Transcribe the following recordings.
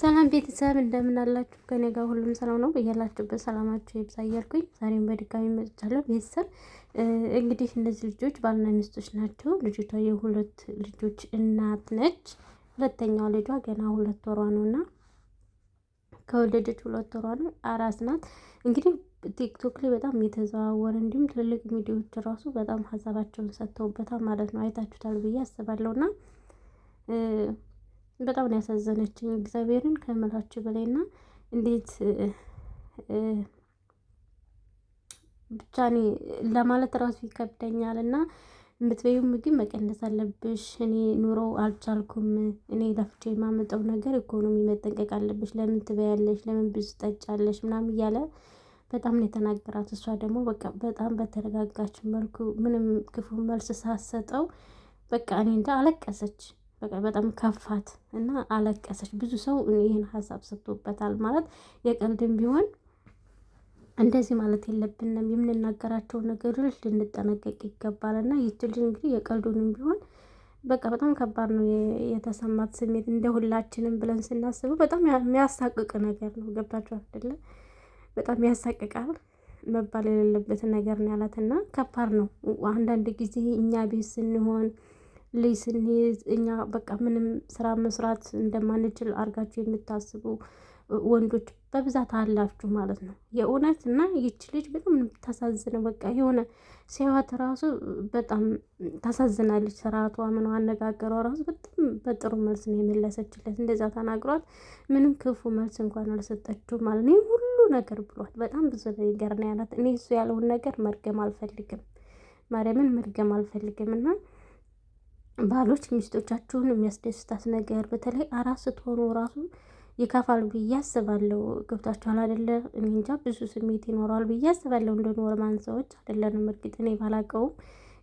ሰላም ቤተሰብ እንደምን አላችሁ? ከኔ ጋር ሁሉም ሰላም ነው። በያላችሁበት ሰላማችሁ ይብዛ እያልኩኝ ዛሬም በድጋሚ መጥቻለሁ። ቤተሰብ እንግዲህ እነዚህ ልጆች ባልና ሚስቶች ናቸው። ልጅቷ የሁለት ልጆች እናት ነች። ሁለተኛው ልጇ ገና ሁለት ወሯ ነው እና ከወለደች ሁለት ወሯ ነው፣ አራስ ናት። እንግዲህ ቲክቶክ ላይ በጣም የተዘዋወረ እንዲሁም ትልልቅ ሚዲያዎች ራሱ በጣም ሀሳባቸውን ሰጥተውበታል ማለት ነው። አይታችሁታል ብዬ አስባለሁና በጣም ነው ያሳዘነችኝ እግዚአብሔርን ከምላችሁ በላይና እንዴት ብቻ እኔ ለማለት ራሱ ይከብደኛል። እና ምግብ መቀነስ አለብሽ። እኔ ኑሮ አልቻልኩም። እኔ ለፍቼ የማመጣው ነገር ኢኮኖሚ መጠንቀቅ አለብሽ። ለምን ትበያለሽ? ለምን ብዙ ጠጫለሽ? ምናምን እያለ በጣም ነው የተናገራት። እሷ ደግሞ በቃ በጣም በተረጋጋች መልኩ ምንም ክፉ መልስ ሳሰጠው በቃ እኔ እንደ አለቀሰች። በቃ በጣም ከፋት እና አለቀሰች። ብዙ ሰው ይህን ሀሳብ ሰጥቶበታል። ማለት የቀልድም ቢሆን እንደዚህ ማለት የለብንም። የምንናገራቸው ነገሮች ልንጠነቀቅ ይገባል እና ይች ልጅ እንግዲህ የቀልዱንም ቢሆን በቃ በጣም ከባድ ነው የተሰማት ስሜት። እንደ ሁላችንም ብለን ስናስበው በጣም የሚያሳቅቅ ነገር ነው። ገብታችሁ አይደለ? በጣም ያሳቅቃል። መባል የሌለበት ነገር ነው ያላት እና ከባድ ነው። አንዳንድ ጊዜ እኛ ቤት ስንሆን ልጅ ስንይዝ እኛ በቃ ምንም ስራ መስራት እንደማንችል አድርጋችሁ የምታስቡ ወንዶች በብዛት አላችሁ ማለት ነው። የእውነት እና ይች ልጅ በጣም ታሳዝነ በቃ የሆነ ሲያዋት ራሱ በጣም ታሳዝናለች። ስርዓቷ ምን አነጋገሯ ራሱ በጣም በጥሩ መልስ ነው የመለሰችለት። እንደዛ ተናግሯት ምንም ክፉ መልስ እንኳን አልሰጠችው ማለት ነው። ሁሉ ነገር ብሏት በጣም ብዙ ነገር ነው ያላት። እኔ እሱ ያለውን ነገር መርገም አልፈልግም፣ ማርያምን መርገም አልፈልግም እና ባሎች ሚስቶቻችሁን የሚያስደስታት ነገር በተለይ አራስ ስትሆኑ ራሱ ይከፋሉ ብዬ አስባለሁ። ገብታችኋል አደለ? እኔ እንጃ ብዙ ስሜት ይኖረዋል ብዬ አስባለሁ። እንደ ኖርማን ሰዎች አይደለንም። እርግጥ እኔ ባላቀውም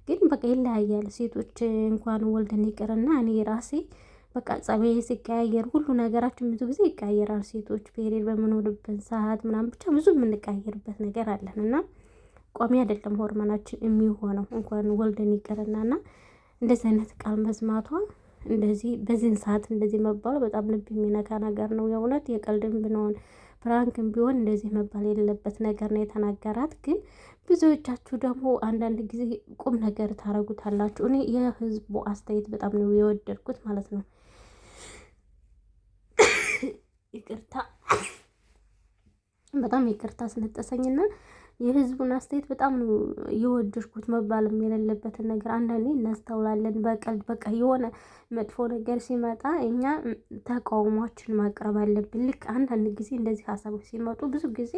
ግን በቃ ይለያያል። ሴቶች እንኳን ወልደን ይቅርና እኔ ራሴ በቃ ጸባይ ሲቀያየር ሁሉ ነገራችን ብዙ ጊዜ ይቀያየራል። ሴቶች ፔሬድ በምንሆንበት ሰዓት ምናምን ብቻ ብዙ የምንቀያየርበት ነገር አለን እና ቋሚ አይደለም ሆርሞናችን የሚሆነው እንኳን ወልደን ይቅርና ና እንደዚህ አይነት ቃል መስማቷ እንደዚህ በዚህን ሰዓት እንደዚህ መባሉ በጣም ልብ የሚነካ ነገር ነው። የእውነት የቀልድም ብንሆን ፍራንክም ቢሆን እንደዚህ መባል የሌለበት ነገር ነው የተናገራት። ግን ብዙዎቻችሁ ደግሞ አንዳንድ ጊዜ ቁም ነገር ታረጉታላችሁ። እኔ የህዝቡ አስተያየት በጣም ነው የወደድኩት ማለት ነው። ይቅርታ፣ በጣም ይቅርታ አስነጠሰኝና የህዝቡን አስተያየት በጣም ነው የወደድኩት። መባልም የሌለበትን ነገር አንዳንዴ እናስተውላለን። በቀልድ በቃ የሆነ መጥፎ ነገር ሲመጣ እኛ ተቃውሟችን ማቅረብ አለብን። ልክ አንዳንድ ጊዜ እንደዚህ ሀሳቦች ሲመጡ ብዙ ጊዜ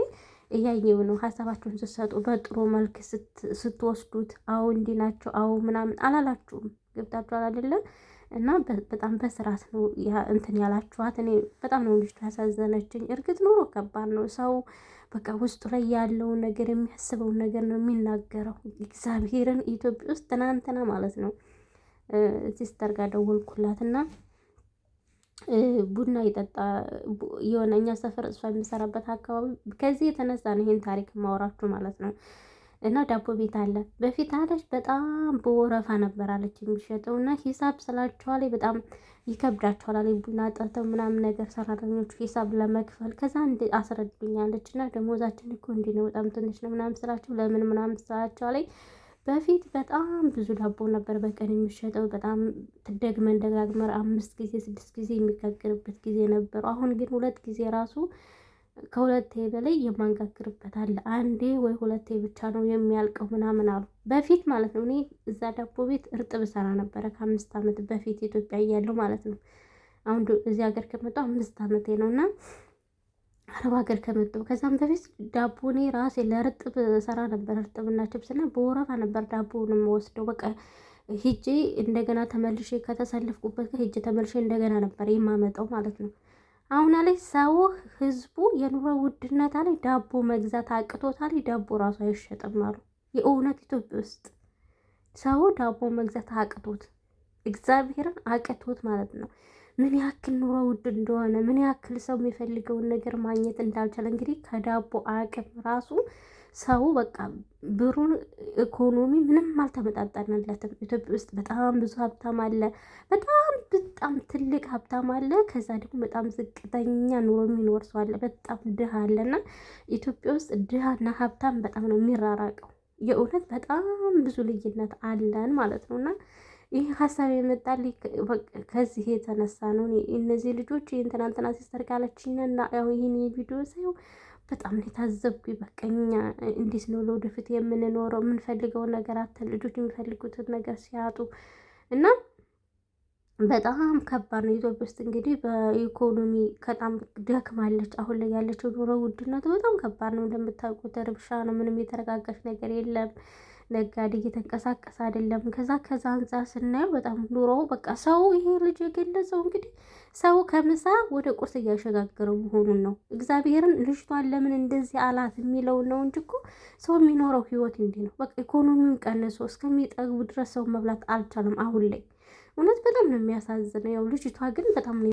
እያየው ነው። ሀሳባችሁን ስትሰጡ በጥሩ መልክ ስትወስዱት፣ አዎ እንዲህ ናቸው፣ አዎ ምናምን አላላችሁም። ገብታችኋል አይደለም? እና በጣም በስርዓት ነው እንትን ያላችኋት። እኔ በጣም ነው ልጅቷ ያሳዘነችኝ። እርግጥ ኑሮ ከባድ ነው። ሰው በቃ ውስጡ ላይ ያለውን ነገር የሚያስበውን ነገር ነው የሚናገረው። እግዚአብሔርን ኢትዮጵያ ውስጥ ትናንትና ማለት ነው ሲስተር ጋር ደወልኩላት እና ቡና የጠጣ የሆነ እኛ ሰፈር እሷ የሚሰራበት አካባቢ ከዚህ የተነሳ ነው ይህን ታሪክ ማውራችሁ ማለት ነው። እና ዳቦ ቤት አለ። በፊት አለች በጣም በወረፋ ነበር አለች የሚሸጠው እና ሂሳብ ስላቸኋላ በጣም ይከብዳቸኋል አለ ቡና ጠርተው ምናምን ነገር ሰራተኞቹ ሂሳብ ለመክፈል ከዛ እንድ አስረድኛለች እና ደሞዛችን እኮ እንዲህ ነው በጣም ትንሽ ነው ምናምን ስላቸው ለምን ምናምን ስላቸው ላይ በፊት በጣም ብዙ ዳቦ ነበር በቀን የሚሸጠው። በጣም ደግመን ደጋግመን አምስት ጊዜ ስድስት ጊዜ የሚጋገርበት ጊዜ ነበሩ። አሁን ግን ሁለት ጊዜ ራሱ ከሁለቴ በላይ የማንጋግርበት አለ። አንዴ ወይ ሁለቴ ብቻ ነው የሚያልቀው ምናምን አሉ። በፊት ማለት ነው። እኔ እዛ ዳቦ ቤት እርጥብ ሰራ ነበረ ከአምስት ዓመት በፊት ኢትዮጵያ እያለሁ ማለት ነው። አሁን እዚህ ሀገር ከመጣሁ አምስት ዓመቴ ነው እና አረብ ሀገር ከመጣሁ ከዛም በፊት ዳቦ እኔ ራሴ ለእርጥብ ሰራ ነበር። እርጥብና ችብስና በወረፋ ነበር ዳቦ የምወስደው በቃ ሂጄ እንደገና ተመልሼ ከተሰልፍኩበት ጋር ሂጄ ተመልሼ እንደገና ነበር የማመጣው ማለት ነው። አሁን ላይ ሰው ህዝቡ የኑሮ ውድነት አለ ዳቦ መግዛት አቅቶታል። ዳቦ ራሱ አይሸጥም አሉ። የእውነት ኢትዮጵያ ውስጥ ሰው ዳቦ መግዛት አቅቶት እግዚአብሔርን አቅቶት ማለት ነው። ምን ያክል ኑሮ ውድ እንደሆነ ምን ያክል ሰው የሚፈልገውን ነገር ማግኘት እንዳልቻለ እንግዲህ ከዳቦ አቅም ራሱ ሰው በቃ ብሩን ኢኮኖሚ ምንም አልተመጣጠነለትም። ኢትዮጵያ ውስጥ በጣም ብዙ ሀብታም አለ፣ በጣም በጣም ትልቅ ሀብታም አለ። ከዛ ደግሞ በጣም ዝቅተኛ ኑሮ የሚኖር ሰው አለ፣ በጣም ድሃ አለ። እና ኢትዮጵያ ውስጥ ድሃና ሀብታም በጣም ነው የሚራራቀው። የእውነት በጣም ብዙ ልዩነት አለን ማለት ነው እና ይህ ሀሳብ የመጣልኝ ከዚህ የተነሳ ነው። እነዚህ ልጆች ይህን ትናንትና ሲስተር ካለችኝና ያው ይህን የቪዲዮ ሳየው በጣም ነው የታዘብኩ። በቀኛ እንዴት ነው ለወደፊት የምንኖረው? የምንፈልገውን ነገር አተን ልጆች የሚፈልጉትን ነገር ሲያጡ እና በጣም ከባድ ነው። ኢትዮጵያ ውስጥ እንግዲህ በኢኮኖሚ በጣም ደክማለች። አሁን ላይ ያለችው ኑሮ ውድነቱ በጣም ከባድ ነው። እንደምታውቁት ርብሻ ነው። ምንም የተረጋጋች ነገር የለም። ነጋዴ እየተንቀሳቀሰ አይደለም። ከዛ ከዛ አንጻር ስናየው በጣም ኑሮ በቃ ሰው ይሄ ልጅ የገለጸው እንግዲህ ሰው ከምሳ ወደ ቁርስ እያሸጋገረ መሆኑን ነው። እግዚአብሔርን ልጅቷን ለምን እንደዚህ አላት የሚለው ነው እንጂ እኮ ሰው የሚኖረው ህይወት እንዲ ነው። በቃ ኢኮኖሚውን ቀንሶ እስከሚጠግቡ ድረስ ሰው መብላት አልቻለም አሁን ላይ እውነት በጣም ነው የሚያሳዝነው። ያው ልጅቷ ግን በጣም